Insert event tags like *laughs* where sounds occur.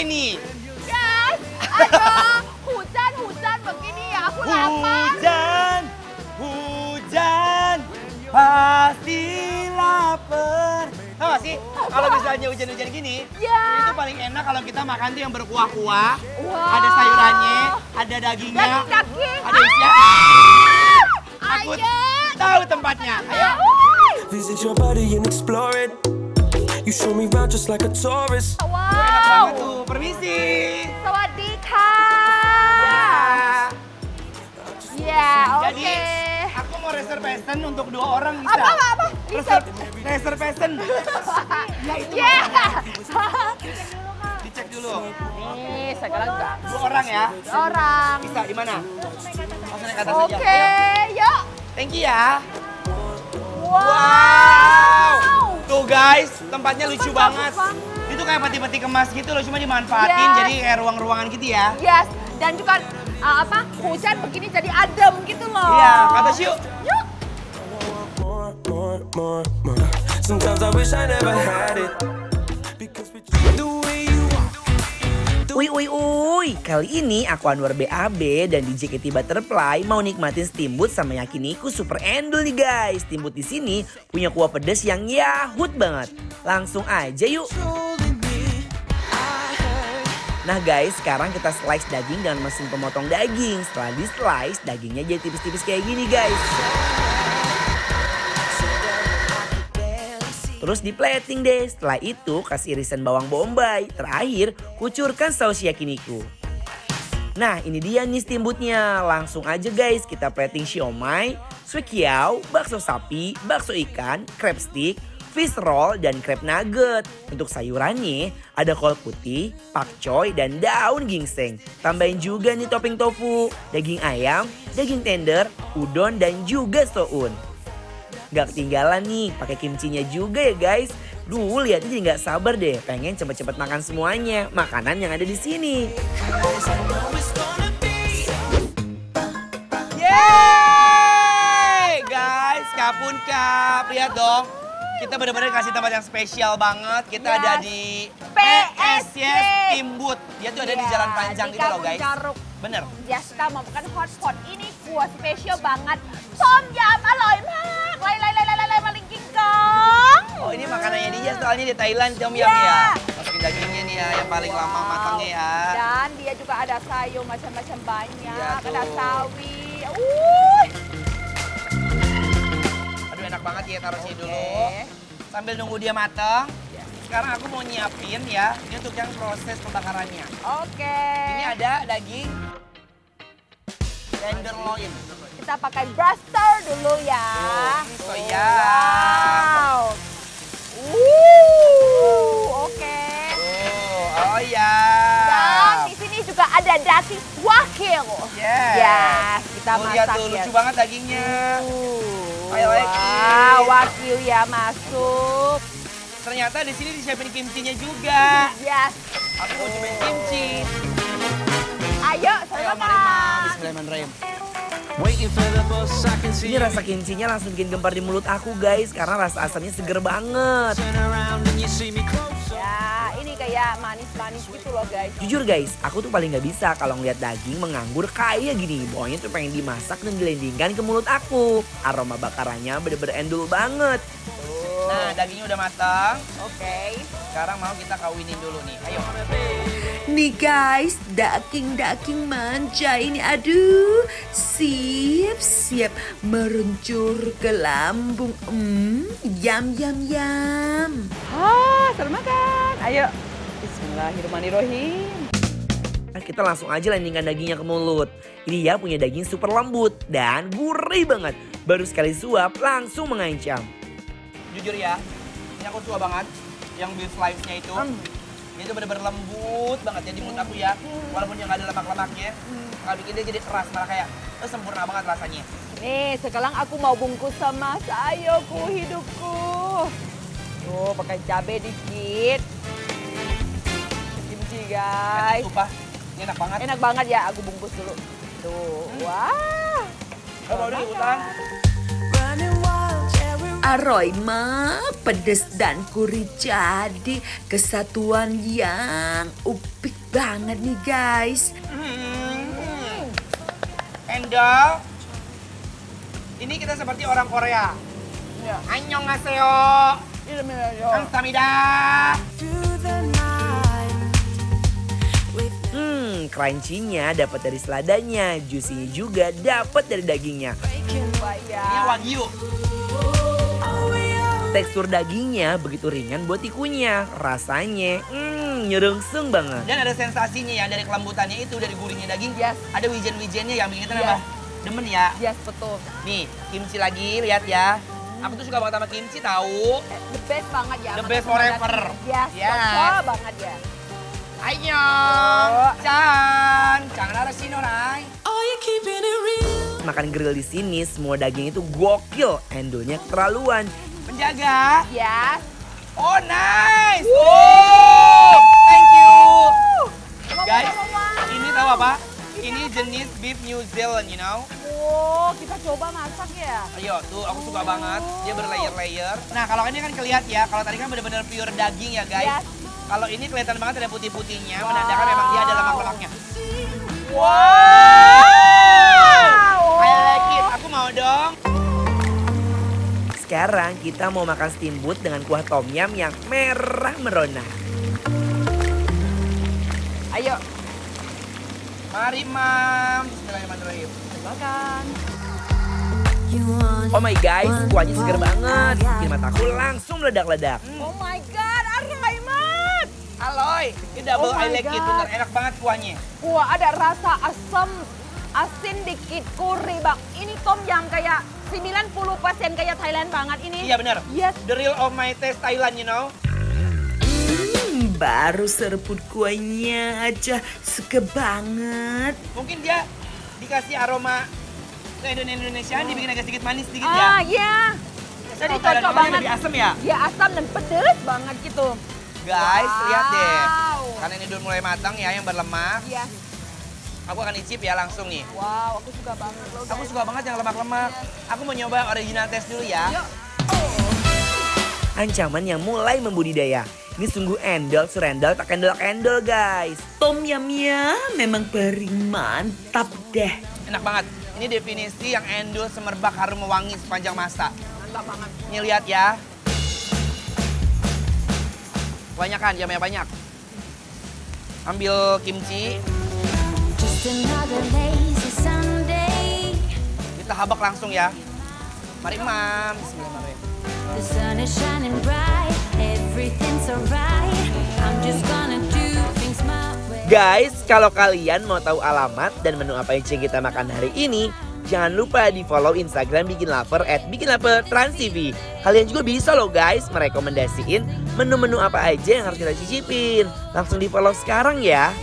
ini? Guys, ada hujan-hujan begini ya. Aku hujan, lapar. Hujan, hujan, pasti lapar. Tahu sih? Kalau misalnya hujan-hujan gini, ya. itu paling enak kalau kita makan tuh yang berkuah-kuah. Wow. Ada sayurannya, ada dagingnya, Daging -daging. ada isinya. Ah! Ayo. tahu tempatnya. Ayo. Visit your body and explore it. You show me round just like a tourist. Wow. Enak Permisi. Sawadika. Ya. Ya, oke. Aku mau reservation untuk dua orang bisa. Apa apa? apa? Bisa. reservation. *laughs* ya itu. Yeah. *laughs* Dicek dulu. Ini sekarang Dua orang ya? Dua orang. Bisa di mana? Langsung naik atas Oke, okay, yuk. Thank you ya. wow. Tuh guys, tempatnya lucu banget. banget. Itu kayak peti-peti kemas gitu loh, cuma dimanfaatin yes. jadi kayak ruang-ruangan gitu ya. Yes, dan juga uh, apa hujan begini jadi adem gitu loh. Iya, kata siu yuk. Yuk. Sometimes I wish I never had it. Kali ini aku Anwar BAB dan di JKT Butterfly mau nikmatin steamboat sama yakiniku super endul nih guys. Steamboat di sini punya kuah pedas yang yahut banget. Langsung aja yuk. Nah guys, sekarang kita slice daging dengan mesin pemotong daging. Setelah di slice, dagingnya jadi tipis-tipis kayak gini guys. Terus di plating deh. Setelah itu, kasih irisan bawang bombay. Terakhir, kucurkan saus yakiniku. Nah ini dia nih steamboatnya. Langsung aja guys kita plating siomay, suikiao, bakso sapi, bakso ikan, crab stick, fish roll, dan crab nugget. Untuk sayurannya ada kol putih, pakcoy, dan daun gingseng. Tambahin juga nih topping tofu, daging ayam, daging tender, udon, dan juga soun. Gak ketinggalan nih pakai kimchinya juga ya guys. Duh, lihatnya jadi nggak sabar deh, pengen cepet-cepet makan semuanya, makanan yang ada di sini. Yeay! Guys, kapun kap, lihat dong. Kita benar-benar kasih tempat yang spesial banget. Kita yes. Iya. ada di PS Yes Timbut. Dia tuh ada yeah. di Jalan iya, Panjang di gitu loh guys. Jaruk. Bener. mau makan hotspot ini kuah spesial banget. Tom yam, aloy mah ini makanannya dia ah. soalnya di Thailand jam yeah. Iya. ya. Masukin dagingnya nih ya yang paling wow. lama matangnya ya. Dan dia juga ada sayur macam-macam banyak, iya, ada sawi. Uh. Aduh enak banget ya taruh sini dulu. Sambil nunggu dia matang, sekarang aku mau nyiapin ya, ini untuk yang proses pembakarannya. Oke. Okay. Ini ada daging tenderloin. Kita pakai braster dulu ya. Oh, ini soya. ada daging wakil. Yes. yes kita oh, masak lihat tuh, ya. lucu banget dagingnya. Uh, ayo, ayo. wah, wakil ya masuk. Ternyata di sini disiapin kimcinya juga. Yes. Aku mau cobain kimchi. Ayo, selamat Ayo, Ini rasa kincinya langsung bikin gempar di mulut aku guys karena rasa asamnya seger banget. Ya kayak manis-manis gitu loh guys. Jujur guys, aku tuh paling nggak bisa kalau ngeliat daging menganggur kayak gini. Pokoknya tuh pengen dimasak dan dilendingkan ke mulut aku. Aroma bakarannya bener-bener endul banget. Nah, dagingnya udah matang. Oke. Okay. Sekarang mau kita kawinin dulu nih. Ayo. Nih guys, daging-daging manja ini aduh siap-siap meruncur ke lambung. Hmm, yam yam yam. Ah, oh, selamat makan. Ayo Bismillahirrahmanirrahim. Nah, kita langsung aja landingkan dagingnya ke mulut. Ini ya punya daging super lembut dan gurih banget. Baru sekali suap langsung mengancam. Jujur ya, ini aku suka banget yang beef slice-nya itu. ini hmm. Dia itu benar bener lembut banget ya di mulut aku ya. Hmm. Walaupun yang ada lemak-lemaknya, hmm. nggak bikin dia jadi keras malah kayak eh, sempurna banget rasanya. Nih, eh, sekarang aku mau bungkus sama sayoku hidupku. Tuh, pakai cabe dikit guys. Sumpah, ini enak banget. Enak banget ya, aku bungkus dulu. Tuh, hmm. wah. Kalau udah dulu Aroma, pedes dan kuri jadi kesatuan yang upik banget nih guys. Hmm. Uh, ini kita seperti orang Korea. Ya. Annyeonghaseyo. Iya, iya. Annyeonghaseyo. Hmm, crunchy-nya dapat dari seladanya, juicy nya juga dapat dari dagingnya. Ini wagyu. Tekstur dagingnya begitu ringan buat ikunya. Rasanya, hmm, nyerengseng banget. Dan ada sensasinya ya dari kelembutannya itu, dari gurihnya daging. Yes. Ada wijen-wijennya yang bikin kita yes. demen ya. Yes, betul. Nih, kimchi lagi, lihat ya. Aku tuh suka banget sama kimchi tahu. The best banget ya. The best forever. Yes, yes. banget ya. Annyeong. Jangan, oh. jangan harus it orang. Makan grill di sini semua daging itu gokil, endonya keterlaluan. Penjaga. Ya. Oh nice. Wow. Oh, thank you. Guys, ini tahu apa? Ini jenis beef New Zealand, you know? Oh, kita coba masak ya? Ayo, tuh aku suka oh. banget. Dia oh. berlayer-layer. Nah, kalau ini kan kelihatan ya, kalau tadi kan benar-benar pure daging ya, guys. Yes. Kalau ini kelihatan banget ada putih-putihnya, wow. menandakan memang dia ada lemak-lemaknya. Wow. wow! I like it. Aku mau dong. Sekarang kita mau makan steamboat dengan kuah tom yum yang merah merona. Ayo. Mari, Mam. Bismillahirrahmanirrahim. Silakan. Oh my guys, kuahnya segar banget. Bikin mataku langsung meledak-ledak. Oh my god double oh I gitu, like God. enak banget kuahnya. Kuah ada rasa asam, asin dikit, kuri bang. Ini tom yang kayak 90% kayak Thailand banget ini. Iya benar. Yes. The real of my taste Thailand, you know. Hmm, baru serput kuahnya aja suka banget. Mungkin dia dikasih aroma ke Indonesia, oh. dibikin agak sedikit manis sedikit ah, ya. Ah, iya. Jadi cocok banget. Lebih asam ya? Ya asam dan pedes banget gitu. Guys, wow. lihat deh. Karena ini udah mulai matang ya, yang berlemak. Iya. Aku akan icip ya langsung nih. Wow, aku suka banget loh. Guys. Aku suka banget yang lemak-lemak. Iya. Aku mau nyoba original test dulu ya. Yuk. Ancaman yang mulai membudidaya. Ini sungguh endol serendol, tak endol-endol guys. Tom yamnya memang paling mantap deh. Enak banget. Ini definisi yang endol semerbak harum mewangi sepanjang masa. Mantap banget. Ini lihat ya. Banyak kan, jamnya banyak ambil kimchi. Kita habak langsung ya. Mari mam. Guys, kalau kalian mau tahu alamat dan menu apa yang kita makan hari ini, Jangan lupa di follow Instagram Bikin Lover at Bikin Lover Trans TV. Kalian juga bisa loh guys merekomendasiin menu-menu apa aja yang harus kita cicipin. Langsung di follow sekarang ya.